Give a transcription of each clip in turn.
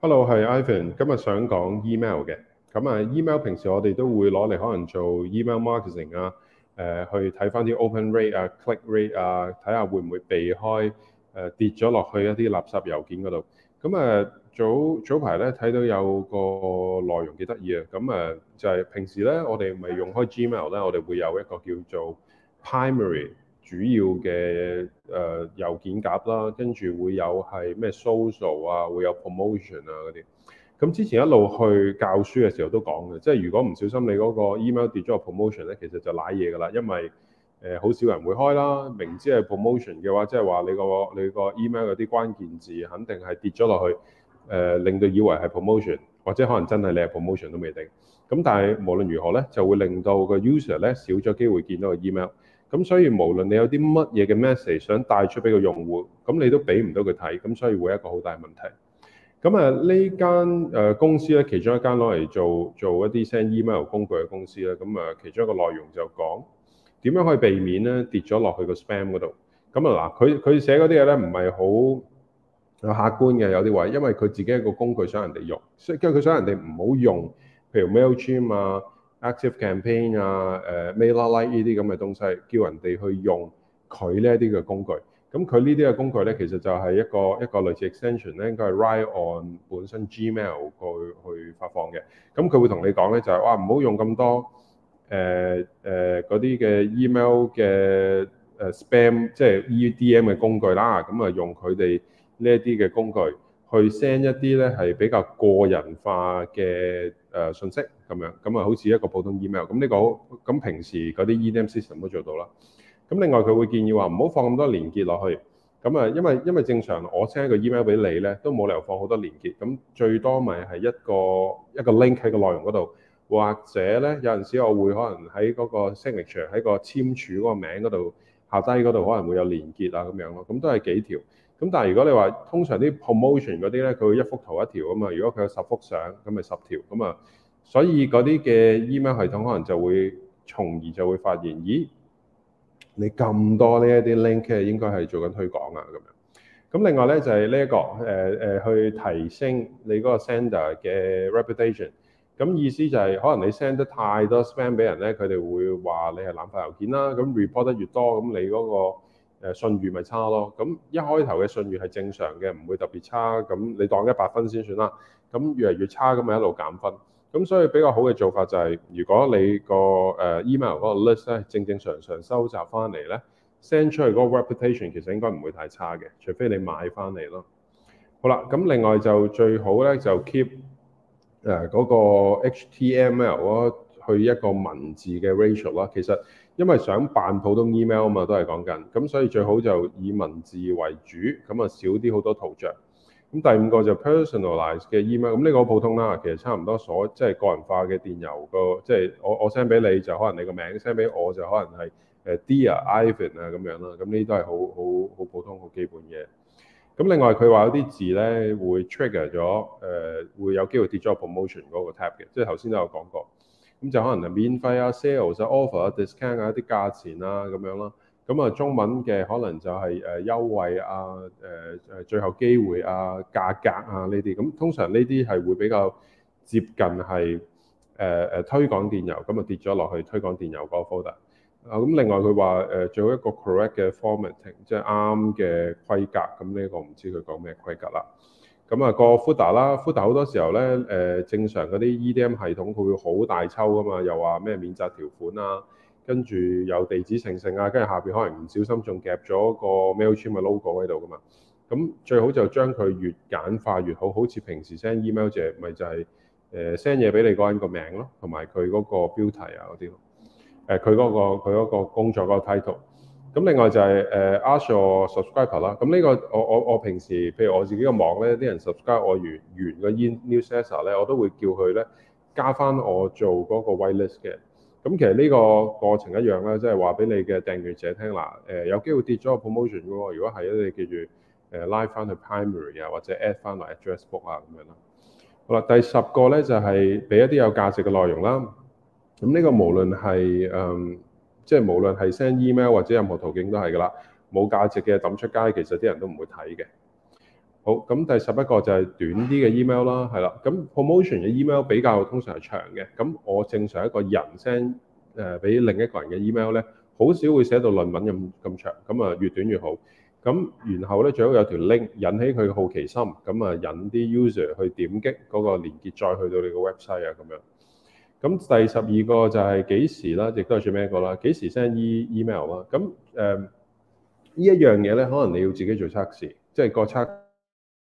Hello，係 Ivan，今日想講 email 嘅咁啊。email 平時我哋都會攞嚟可能做 email marketing 啊，誒、呃、去睇翻啲 open rate 啊、click rate 啊，睇下會唔會避開誒、呃、跌咗落去一啲垃圾郵件嗰度。咁啊，早早排咧睇到有個內容幾得意啊。咁啊，就係、是、平時咧，我哋咪用開 Gmail 咧，我哋會有一個叫做 primary。主要嘅誒、呃、郵件夾啦，跟住會有係咩 social 啊，會有 promotion 啊嗰啲。咁之前一路去教書嘅時候都講嘅，即、就、係、是、如果唔小心你嗰個 email 跌咗落 promotion 咧，其實就瀨嘢㗎喇，因為誒好、呃、少人會開啦。明知係 promotion 嘅話，即係話你個你個 email 嗰啲關鍵字肯定係跌咗落去，誒、呃、令到以為係 promotion，或者可能真係你係 promotion 都未定。咁但係無論如何咧，就會令到個 user 咧少咗機會見到個 email。咁所以無論你有啲乜嘢嘅 message 想帶出俾個用戶，咁你都俾唔到佢睇，咁所以會有一個好大問題。咁啊呢間誒公司咧，其中一間攞嚟做做一啲 send email 工具嘅公司咧，咁啊其中一個內容就講點樣可以避免咧跌咗落去個 spam 嗰度。咁啊嗱，佢佢寫嗰啲嘢咧唔係好客觀嘅，有啲話，因為佢自己一個工具想人哋用，所以佢想人哋唔好用，譬如 mailchimp 啊。Active Campaign 啊，誒、uh, MailerLite 呢啲咁嘅東西，叫人哋去用佢呢一啲嘅工具。咁佢呢啲嘅工具咧，其實就係一個一個類似 extension 咧，應該係 write on 本身 Gmail 佢去發放嘅。咁佢會同你講咧，就係、是、哇唔好用咁多誒誒、呃、嗰啲、呃、嘅 email 嘅誒 spam，即係 EDM 嘅工具啦。咁啊用佢哋呢一啲嘅工具。去 send 一啲咧係比較個人化嘅誒信息咁樣，咁啊好似一個普通 email，咁呢個好，咁平時嗰啲 EDM system 都做到啦。咁另外佢會建議話唔好放咁多連結落去，咁啊因為因為正常我 send 一個 email 俾你咧，都冇理由放好多連結，咁最多咪係一個一個 link 喺個內容嗰度，或者咧有陣時我會可能喺嗰個 signature 喺個簽署嗰個名嗰度下低嗰度可能會有連結啊咁樣咯，咁都係幾條。咁但係如果你話通常啲 promotion 嗰啲咧，佢一幅圖一條啊嘛。如果佢有十幅相，咁咪十條咁啊。所以嗰啲嘅 email 系統可能就會從而就會發現，咦，你咁多呢一啲 link 應該係做緊推廣啊咁樣。咁另外咧就係呢一個誒誒、呃呃、去提升你嗰個 sender 嘅 reputation。咁意思就係、是、可能你 send 得、er、太多 spam 俾人咧，佢哋會話你係濫發郵件啦。咁 report 得越多，咁你嗰、個誒信譽咪差咯，咁一開頭嘅信譽係正常嘅，唔會特別差，咁你當一百分先算啦。咁越嚟越差，咁咪一路減分。咁所以比較好嘅做法就係、是，如果你個誒 email 嗰個 list 咧正正常常收集翻嚟咧，send 出去嗰個 reputation 其實應該唔會太差嘅，除非你買翻嚟咯。好啦，咁另外就最好咧就 keep 誒嗰個 HTML 嗰，去一個文字嘅 ratio 啦，其實因為想辦普通 email 啊嘛，都係講緊咁，所以最好就以文字為主咁啊，就少啲好多圖像。咁第五個就 personalize 嘅 email，咁呢個好普通啦，其實差唔多所即係、就是、個人化嘅電郵個即係我我 send 俾你就可能你個名 send 俾我就可能係誒 Dear Ivan 啊咁樣啦，咁呢啲都係好好好普通好基本嘅。咁另外佢話有啲字咧會 trigger 咗誒、呃、會有機會跌咗 promotion 嗰個 tab 嘅，即係頭先都有講過。咁就可能係免費啊、sales 啊 offer 啊、discount 啊一啲價錢啊咁樣咯。咁啊中文嘅可能就係誒優惠啊、誒、呃、誒最後機會啊、價格啊呢啲。咁通常呢啲係會比較接近係誒誒推廣電郵。咁啊跌咗落去推廣電郵嗰個 folder。啊咁，另外佢話、呃、最做一個 correct 嘅 formatting 即係啱嘅規格。咁呢個唔知佢講咩規格啦。咁啊個 footer 啦，footer 好多時候咧，誒、呃、正常嗰啲 EDM 系統佢會好大抽噶嘛，又話咩免責條款啊，跟住又地址誠誠啊，跟住下邊可能唔小心仲夾咗個 mailchimp 嘅 logo 喺度噶嘛，咁最好就將佢越簡化越好，好似平時 send email 啫，咪就係誒 send 嘢俾你嗰個人個名咯，同埋佢嗰個標題啊嗰啲咯，誒佢嗰個佢嗰個工作嗰個 title。咁另外就係、是、誒、uh, ask your subscriber 啦，咁呢個我我我平時譬如我自己個網咧，啲人 subscribe 我完完個 in newsletter 咧，我都會叫佢咧加翻我做嗰個 white list 嘅。咁其實呢個過程一樣咧，即係話俾你嘅訂閱者聽嗱，誒、呃、有機會跌咗個 promotion 嘅喎。如果係咧，你記住誒、呃、拉翻去 primary 啊，或者 add 翻嚟 address book 啊咁樣啦。好啦，第十個咧就係、是、俾一啲有價值嘅內容啦。咁呢個無論係誒，嗯即係無論係 send email 或者任何途徑都係噶啦，冇價值嘅抌出街，其實啲人都唔會睇嘅。好，咁第十一個就係短啲嘅 email 啦，係啦，咁 promotion 嘅 email 比較通常係長嘅。咁我正常一個人 send 誒俾另一個人嘅 email 咧，好少會寫到論文咁咁長，咁啊越短越好。咁然後咧最好有條 link 引起佢嘅好奇心，咁啊引啲 user 去點擊嗰個連結再去到你個 website 啊咁樣。咁第十二個就係幾時啦，亦都係最尾一個啦。幾時 send email 啦？咁誒、呃、呢一樣嘢咧，可能你要自己做測試，即係個測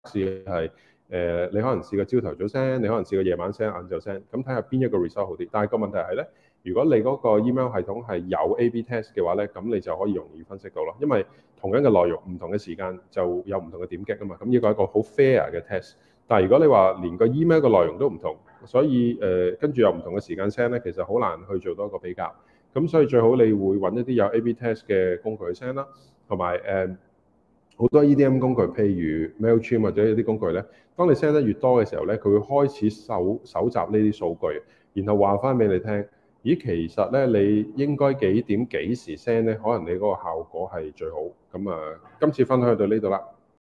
試係誒、呃，你可能試個朝頭早 send，你可能試個夜晚 send、晏晝 send，咁睇下邊一,一個 result 好啲。但係個問題係咧，如果你嗰個 email 系統係有 A/B test 嘅話咧，咁你就可以容易分析到咯，因為同樣嘅內容、唔同嘅時間就有唔同嘅點擊啊嘛。咁呢個係一個好 fair 嘅 test。但係如果你連話連個 email 嘅內容都唔同，所以誒，跟、呃、住有唔同嘅時間 send 咧，其實好難去做多一個比較。咁所以最好你會揾一啲有 A/B test 嘅工具 send 啦，同埋誒好多 EDM 工具，譬如 Mailchimp 或者一啲工具咧。當你 send 得越多嘅時候咧，佢會開始搜蒐集呢啲數據，然後話翻俾你聽。咦，其實咧你應該幾點幾時 send 咧，可能你嗰個效果係最好。咁啊，今次分享到呢度啦。